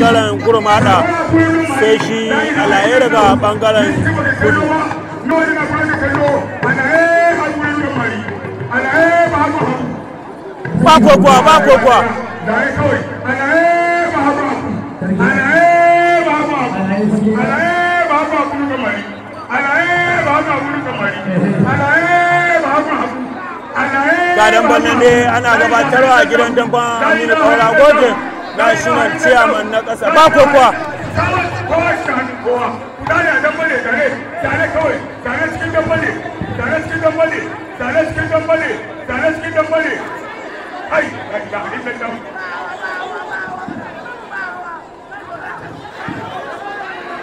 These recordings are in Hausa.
bangaren gurmada sai shi alaye daga bangaren kudu ba kokowa ba kokowa ga damban ne ana gabatarwa a gidan damban aminu kaura goje national chairman na ƙasa ba ko kuwa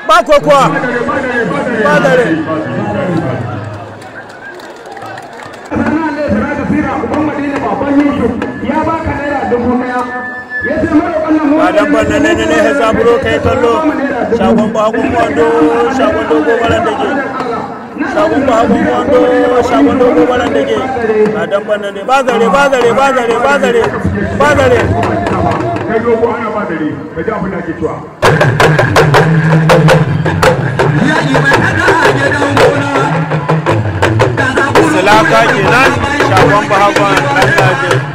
ba ko kuwa ba dare ya baka naira dubu daya badan banna ne ne ne ya zaburo kai kallo shagon bahagun wando shagon dogo ke shagon wando shagon ke ne ba zare ba ba ba ba kai ana ba da Salaka shagon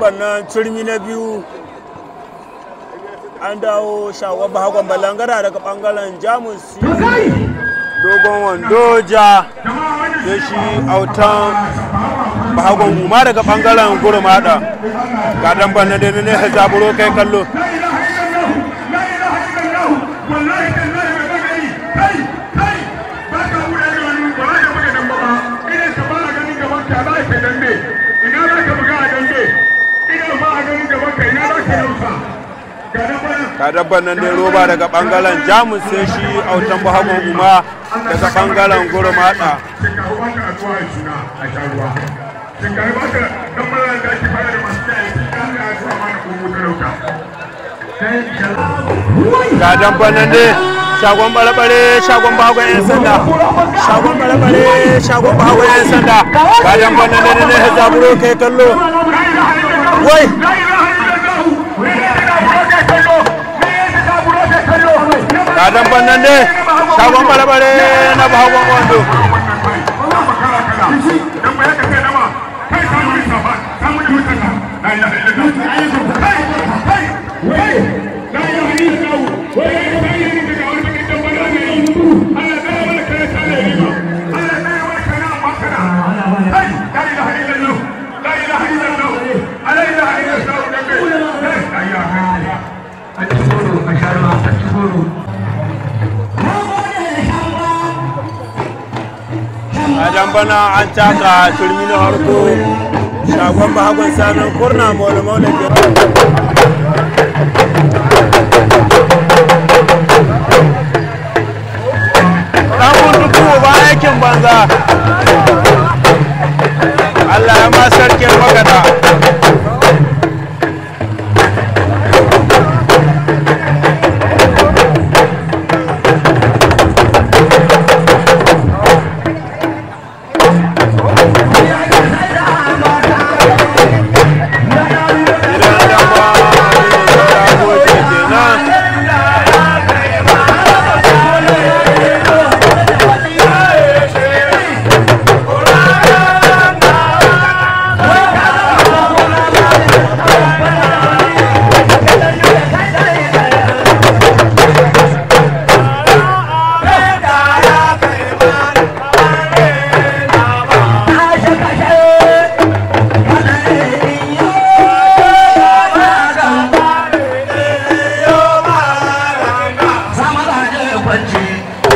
kofar nan turmi na biyu an dawo shawar bahagon balangara daga bangaren jamus dogon wando ja da shi autan bahagon guma daga bangaren gurmada ga dan banna da ne zaburo kai kallo ka dabban nan dai roba daga bangalan jamus sai shi autan buhagon umma daga bangaren gurmata ga dabban nan dai shagon balabale shagon bagon yan sanda shagon balabale shagon bagon yan sanda ga dabban nan dai ne zaburo kai kallo wai ladan bannan ne shagon balabare na bahagon wando Hey! a bana an taka turmi na harko shagon bahagon sanin kurna maulamaula ke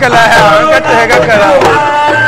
कला है कट